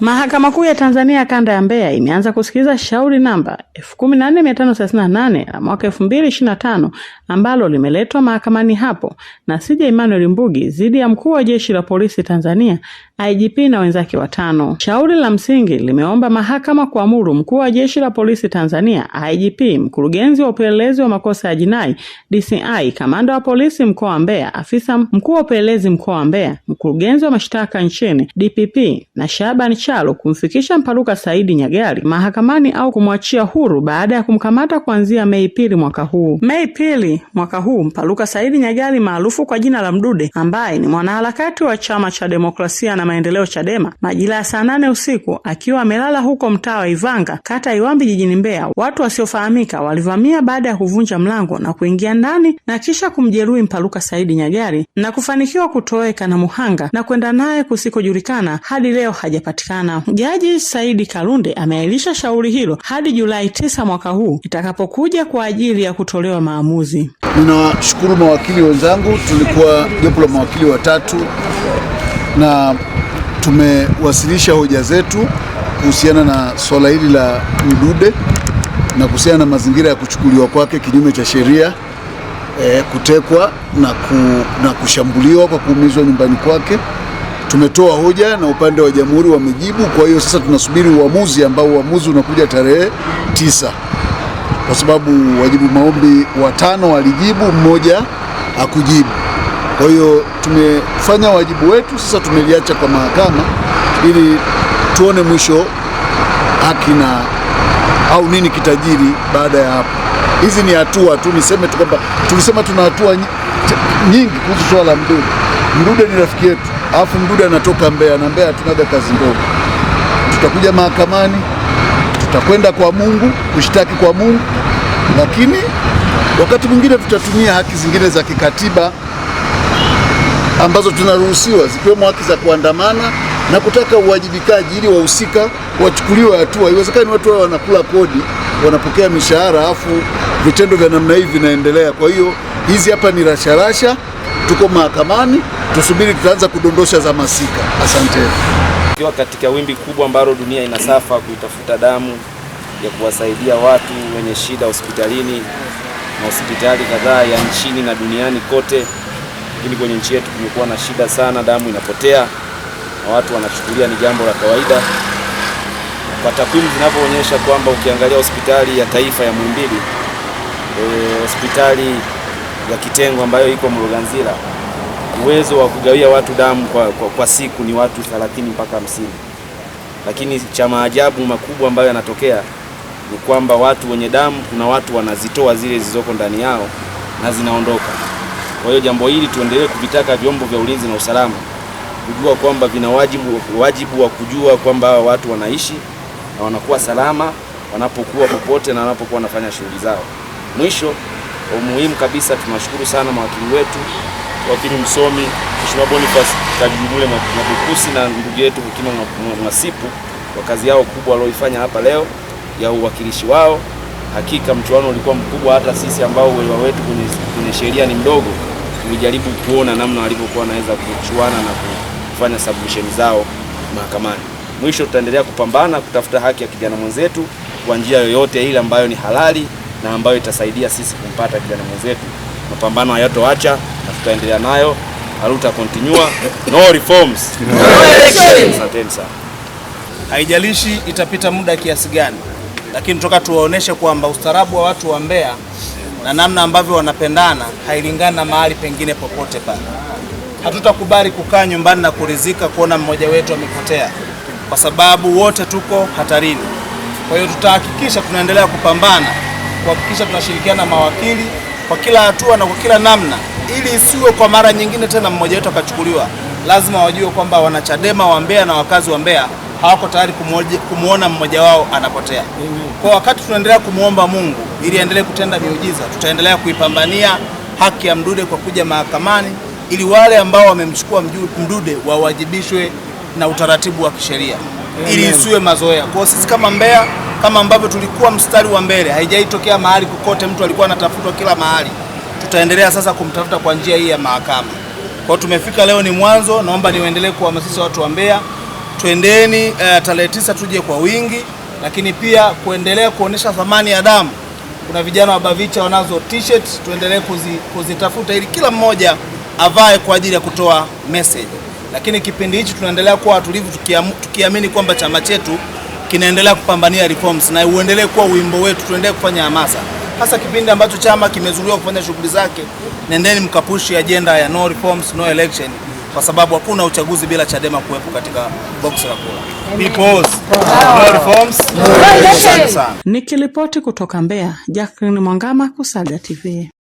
Mahakama Kuu ya Tanzania kanda ya Mbeya imeanza kusikiliza shauri namba 14538 la mwaka 2025 ambalo limeletwa mahakamani hapo na CJ Emmanuel Mbugi dhidi ya mkuu wa jeshi la polisi Tanzania IGP na wenzake watano. Shauri la msingi limeomba mahakama kuamuru mkuu wa jeshi la polisi Tanzania IGP, mkurugenzi wa upelelezi wa makosa ya jinai DCI, kamanda wa polisi mkoa wa Mbeya, afisa mkuu wa upelelezi mkoa wa Mbeya, mkurugenzi wa mashtaka nchini DPP na Shaban liwezeshalo kumfikisha Mpaluka Saidi Nyagali mahakamani au kumwachia huru baada ya kumkamata kuanzia Mei pili mwaka huu. Mei pili mwaka huu Mpaluka Saidi Nyagali maarufu kwa jina la Mdude, ambaye ni mwanaharakati wa Chama cha Demokrasia na Maendeleo CHADEMA, majira ya saa nane usiku akiwa amelala huko mtaa wa Ivanga, kata ya Iwambi, jijini Mbeya, watu wasiofahamika walivamia baada ya kuvunja mlango na kuingia ndani na kisha kumjeruhi Mpaluka Saidi Nyagali na kufanikiwa kutoweka na muhanga na kwenda naye kusikojulikana hadi leo hajapatikana sana. Jaji Saidi Kalunde ameahirisha shauri hilo hadi Julai tisa mwaka huu itakapokuja kwa ajili ya kutolewa maamuzi. Ninawashukuru mawakili wenzangu, tulikuwa jopo la mawakili watatu na tumewasilisha hoja zetu kuhusiana na swala hili la Mdude na kuhusiana na mazingira ya kuchukuliwa kwake kinyume cha sheria e, kutekwa na, ku, na kushambuliwa kwa kuumizwa nyumbani kwake tumetoa hoja na upande wa jamhuri wamejibu. Kwa hiyo sasa tunasubiri uamuzi ambao uamuzi unakuja tarehe tisa, kwa sababu wajibu maombi watano walijibu, mmoja hakujibu. Kwa hiyo tumefanya wajibu wetu, sasa tumeliacha kwa mahakama ili tuone mwisho haki na au nini kitajiri baada ya hapo. Hizi ni hatua tu, niseme tu kwamba tulisema tuna hatua nyingi kuhusu swala la Mdude. Mdude ni rafiki yetu alafu Mdude anatoka Mbeya na Mbeya hatunaga kazi ndogo, tutakuja mahakamani, tutakwenda kwa Mungu kushtaki kwa Mungu, lakini wakati mwingine tutatumia haki zingine za kikatiba ambazo tunaruhusiwa zikiwemo haki za kuandamana na kutaka uwajibikaji ili wahusika wachukuliwe hatua. iwezekani watu wao wanakula kodi, wanapokea mishahara, alafu vitendo vya namna hii vinaendelea. Kwa hiyo hizi hapa ni rasharasha tuko mahakamani, tusubiri, tutaanza kudondosha za masika. Asante. Tukiwa katika wimbi kubwa ambalo dunia inasafa kuitafuta damu ya kuwasaidia watu wenye shida hospitalini na hospitali kadhaa ya nchini na duniani kote, lakini kwenye nchi yetu kumekuwa na shida sana, damu inapotea na watu wanachukulia ni jambo la kawaida. Kwa takwimu zinavyoonyesha kwamba ukiangalia hospitali ya taifa ya Muhimbili e, hospitali ya kitengo ambayo iko Mloganzila, uwezo wa kugawia watu damu kwa, kwa, kwa siku ni watu 30 mpaka 50, lakini cha maajabu makubwa ambayo yanatokea ni kwamba watu wenye damu kuna watu wanazitoa zile zilizoko ndani yao na zinaondoka. Kwa hiyo jambo hili tuendelee kuvitaka vyombo vya ulinzi na usalama kujua kwamba vina wajibu, wajibu wa kujua kwamba hawa watu wanaishi na wanakuwa salama wanapokuwa popote na wanapokuwa wanafanya shughuli zao. Mwisho umuhimu kabisa. Tunashukuru sana mawakili wetu, wakili msomi Mheshimiwa Boniface Kajugule Mabukusi na ndugu yetu Hekima Mwasipu kwa kazi yao kubwa walioifanya hapa leo ya uwakilishi wao. Hakika mchuano ulikuwa mkubwa, hata sisi ambao uelewa wetu kwenye sheria ni mdogo, tulijaribu kuona namna walivyokuwa wanaweza kuchuana na kufanya submission zao mahakamani. Mwisho tutaendelea kupambana kutafuta haki ya kijana mwenzetu kwa njia yoyote ile ambayo ni halali na ambayo itasaidia sisi kumpata kijana mwenzetu. Mapambano hayatoacha na tutaendelea nayo, Aruta continue, no reforms, Asanteni sana. Haijalishi itapita muda kiasi gani, lakini toka tuwaoneshe kwamba ustaarabu wa watu wa Mbeya na namna ambavyo wanapendana hailingani na mahali pengine popote pale. Hatutakubali kukaa nyumbani na kuridhika kuona mmoja wetu amepotea, kwa sababu wote tuko hatarini. Kwa hiyo tutahakikisha tunaendelea kupambana kuhakikisha tunashirikiana na mawakili kwa kila hatua na kwa kila namna, ili isiwe kwa mara nyingine tena mmoja wetu akachukuliwa. Lazima wajue kwamba wanachadema wa Mbeya na wakazi wa Mbeya hawako tayari kumwona mmoja wao anapotea. Kwa wakati tunaendelea kumwomba Mungu ili aendelee kutenda miujiza, tutaendelea kuipambania haki ya Mdude kwa kuja mahakamani ili wale ambao wamemchukua Mdude wawajibishwe na utaratibu wa kisheria ili isiwe mazoea. Kwa sisi kama Mbeya, kama ambavyo tulikuwa mstari wa mbele, haijaitokea mahali kokote, mtu alikuwa anatafutwa kila mahali, tutaendelea sasa kumtafuta kwa njia hii ya mahakama. Kwa tumefika leo, ni mwanzo. Naomba niendelee kuhamasisha watu wa Mbeya, twendeni uh, tarehe tisa tuje kwa wingi, lakini pia kuendelea kuonesha thamani ya damu. Kuna vijana wa Bavicha wanazo t-shirt, tuendelee kuzitafuta kuzi ili kila mmoja avae kwa ajili ya kutoa message lakini kipindi hichi tunaendelea kuwa watulivu, tukiamini kwamba chama chetu kinaendelea kupambania reforms na uendelee kuwa wimbo wetu, tuendelee kufanya hamasa, hasa kipindi ambacho chama kimezuliwa kufanya shughuli zake. Nendeni mkapushi ajenda ya no reforms, no election, kwa sababu hakuna uchaguzi bila Chadema kuwepo katika box la kura. Nikilipoti kutoka Mbeya, Jacqueline Mwangama, Kusaga TV.